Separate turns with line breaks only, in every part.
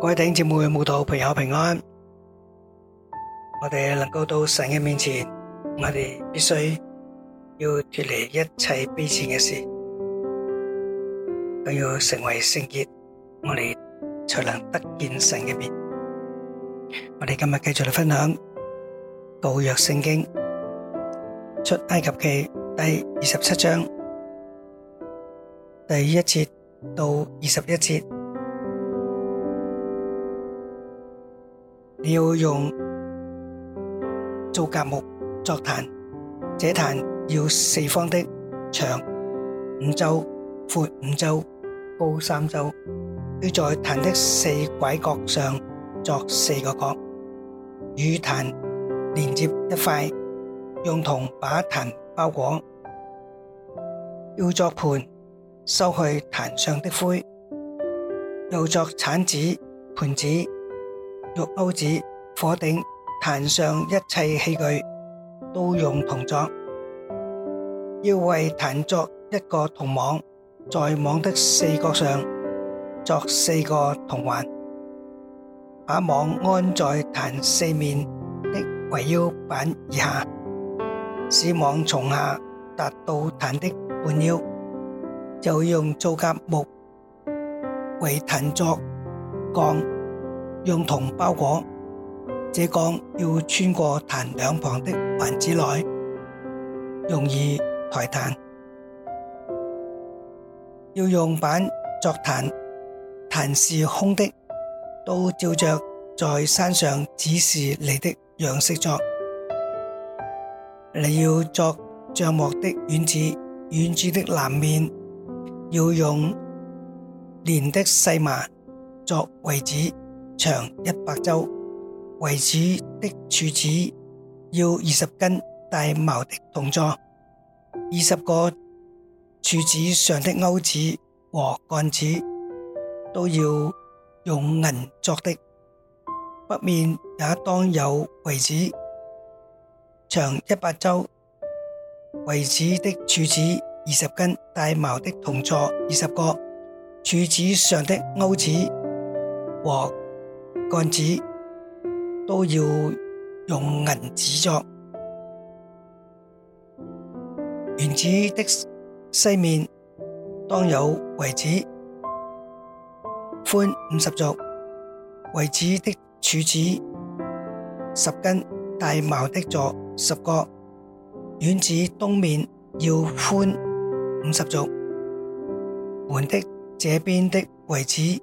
各位頂節目嘅信徒朋友平安，我哋能夠到神嘅面前，我哋必須要脱離一切卑賤嘅事，都要成為聖潔，我哋才能得見神嘅面。我哋今日繼續嚟分享舊約聖經出埃及記第二十七章第一節到二十一節。要用皂莢木作壇，這壇要四方的長，長五肘，寬五肘，高三肘。要在壇的四拐角上作四個角，與壇連接一塊，用銅把壇包裹。要作盆，收去壇上的灰，又作鏟子、盤子。肉鈎子、火頂、壇上一切器具都用銅作。要為壇作一個銅網，在網的四角上作四個銅環，把網安在壇四面的圍腰板以下，使網從下達到壇的半腰。又用造甲木為壇作槓。鋼用銅包裹，這槓要穿過壇兩旁的環子內，容易抬壇。要用板作壇，壇是空的，都照着在山上指示你的樣式作。你要作帳幕的院子，院子的南面要用連的細麻作圍子。長一百周，圍子的柱子要二十根帶毛的銅座，二十個柱子上的鈎子和杆子都要用銀作的。北面也當有圍子，長一百周，圍子的柱子二十根帶毛的銅座，二十個柱子上的鈎子和。桿子都要用銀子做，院子的西面當有帷子，寬五十肘；帷子的柱子十根，帶卯的座十個。院子東面要寬五十肘，門的這邊的帷子，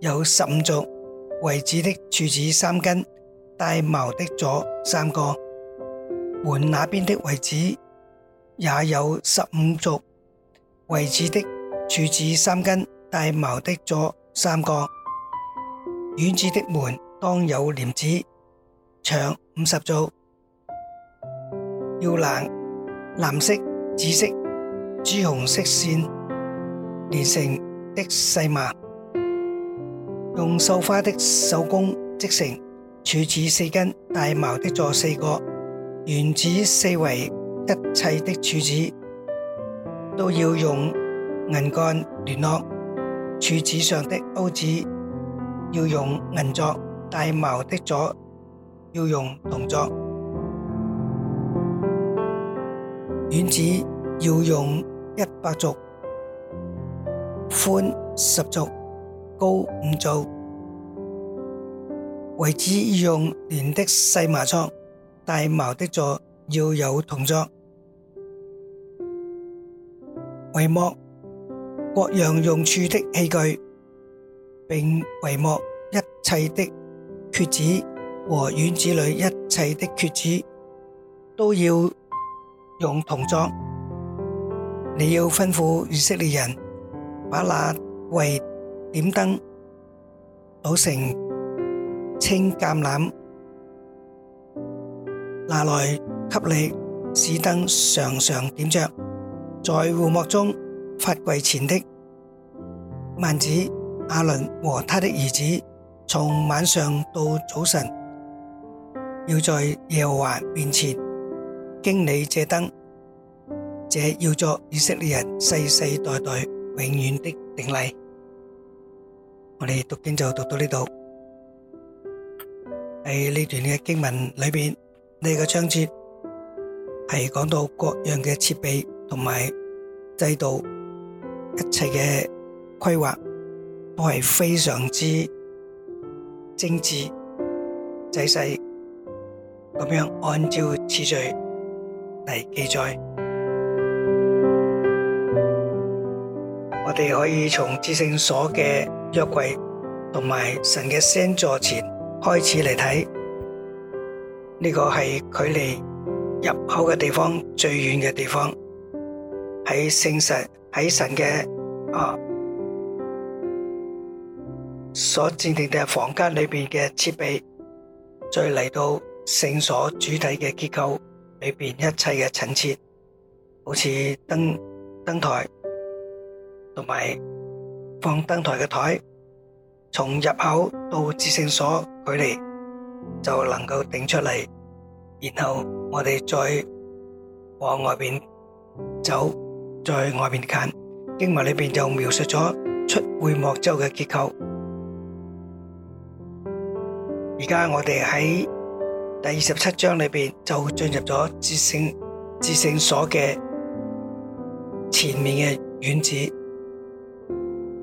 有十五肘。位置的柱子三根，帶茅的左三個，門那邊的位置也有十五組。位置的柱子三根，帶茅的左三個，院子的門當有簾子長五十組，要藍、藍色、紫色、朱紅色線連成的細麻。用繡花的手工織成，柱子四根，帶毛的座四個，院子四圍一切的柱子都要用銀杆聯絡，柱子上的鉤子要用銀作，帶毛的座要用銅作。院子要用一百肘，寬十肘。高五做，帷子用捻的細麻窗，大茅的座要有銅桌，帷幕各樣用處的器具，並帷幕一切的橛子和院子裏一切的橛子都要用銅桌。你要吩咐以色列人把那為。點燈，老成清橄欖，拿來給你使燈，常常點着，在護幕中法櫃前的幔子，亞倫和他的兒子，從晚上到早晨，要在耶和華面前經理這燈，這要做以色列人世世代代永遠的定例。我哋讀經就讀到呢度，喺呢段嘅經文裏邊，呢個章節係講到各樣嘅設備同埋制度，一切嘅規劃都係非常之精緻仔細，咁樣按照次序嚟記載。我哋可以從至聖所嘅。約櫃同埋神嘅聖座前開始嚟睇，呢、這個係距離入口嘅地方最遠嘅地方，喺聖實喺神嘅啊所占定嘅房間裏邊嘅設備，再嚟到聖所主體嘅結構裏邊一切嘅陳設，好似燈燈台同埋。放燈臺嘅臺，從入口到至聖所距離就能夠定出嚟，然後我哋再往外邊走，再外邊間經文裏邊就描述咗出會幕之後嘅結構。而家我哋喺第二十七章裏邊就進入咗至聖至聖所嘅前面嘅院子。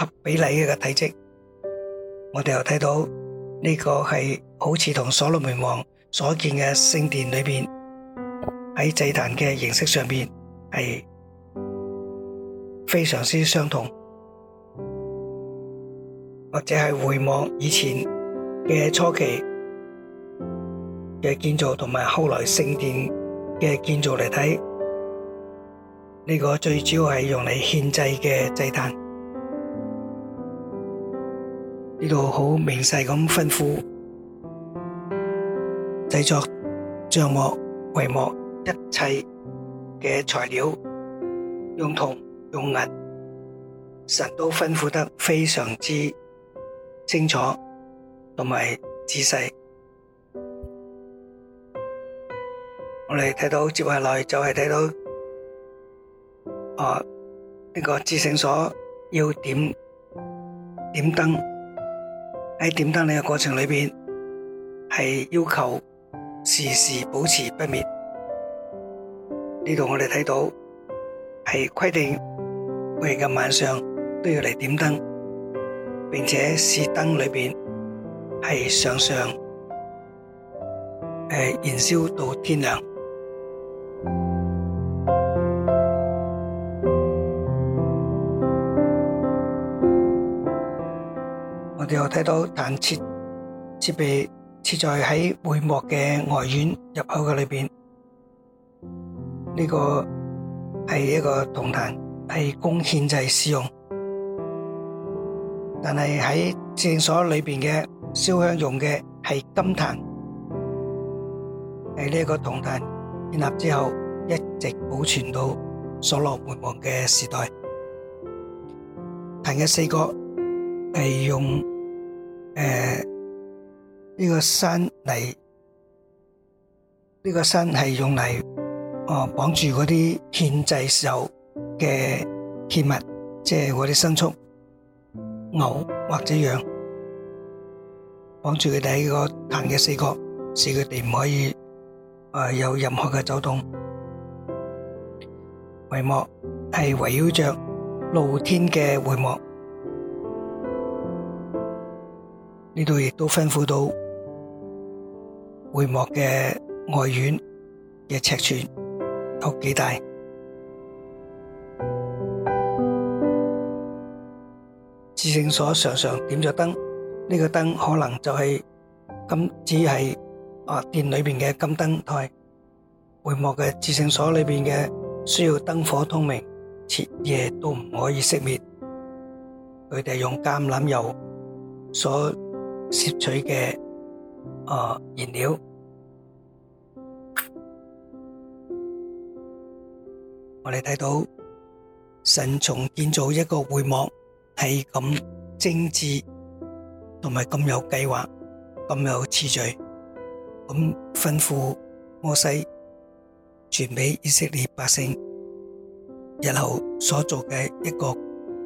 合比例嘅一個體積，我哋又睇到呢個係好似同所羅門王所建嘅聖殿裏邊喺祭壇嘅形式上邊係非常之相同，或者係回望以前嘅初期嘅建造同埋後來聖殿嘅建造嚟睇，呢個最主要係用嚟獻祭嘅祭壇。呢度好明細咁吩咐製作帳幕、帷幕一切嘅材料，用銅用銀，神都吩咐得非常之清楚同埋仔細。我哋睇到接下來就係睇到啊呢、這個至聖所要點點燈。喺點燈呢個過程裏邊，係要求時時保持不滅。呢度，我哋睇到係規定，每日晚上都要嚟點燈，並且試燈裏邊係常常誒，燃燒到天亮。我哋又睇到壇設設備設在喺會幕嘅外院入口嘅裏邊，呢個係一個銅壇，係供獻祭使用。但係喺聖所裏邊嘅燒香用嘅係金壇。喺呢一個銅壇建立之後，一直保存到所羅門王嘅時代。壇嘅四角係用。誒，呢、呃這個山嚟，呢、這個山係用嚟，哦綁住嗰啲獻祭時候嘅器物，即係嗰啲牲畜、牛或者羊，綁住佢哋喺個壇嘅四角，使佢哋唔可以誒、呃、有任何嘅走動。帷幕係圍繞着露天嘅帷幕。呢度亦都吩咐到會幕嘅外院嘅尺寸有幾大？至聖所常常點着燈，呢個燈可能就係金，只係啊殿裏邊嘅金燈台，會幕嘅至聖所裏邊嘅需要燈火通明，徹夜都唔可以熄滅。佢哋用橄欖油所。攝取嘅誒燃料，我哋睇到神重建造一個會幕係咁精緻，同埋咁有計劃，咁有次序，咁吩咐摩西傳俾以色列百姓日後所做嘅一個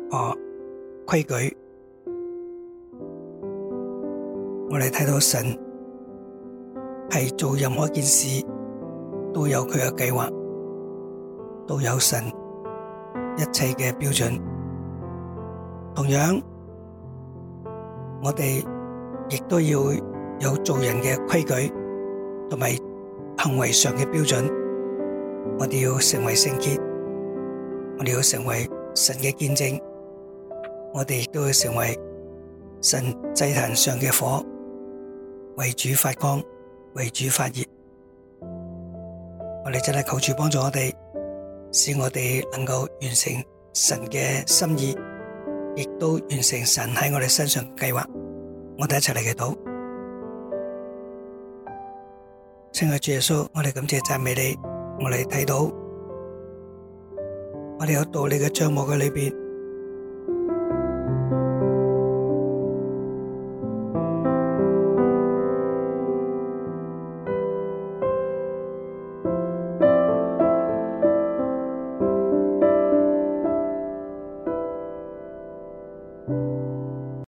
誒規矩。我哋睇到神係做任何一件事都有佢嘅計劃，都有神一切嘅標準。同樣，我哋亦都要有做人嘅規矩，同埋行為上嘅標準。我哋要成為聖潔，我哋要成為神嘅見證，我哋亦都要成為神祭壇上嘅火。為主發光，為主發熱，我哋真係求主幫助我哋，使我哋能夠完成神嘅心意，亦都完成神喺我哋身上嘅計劃。我哋一齊嚟祈禱，親愛主耶穌，我哋感謝讚美你。我哋睇到，我哋有道理嘅賬目嘅裏邊。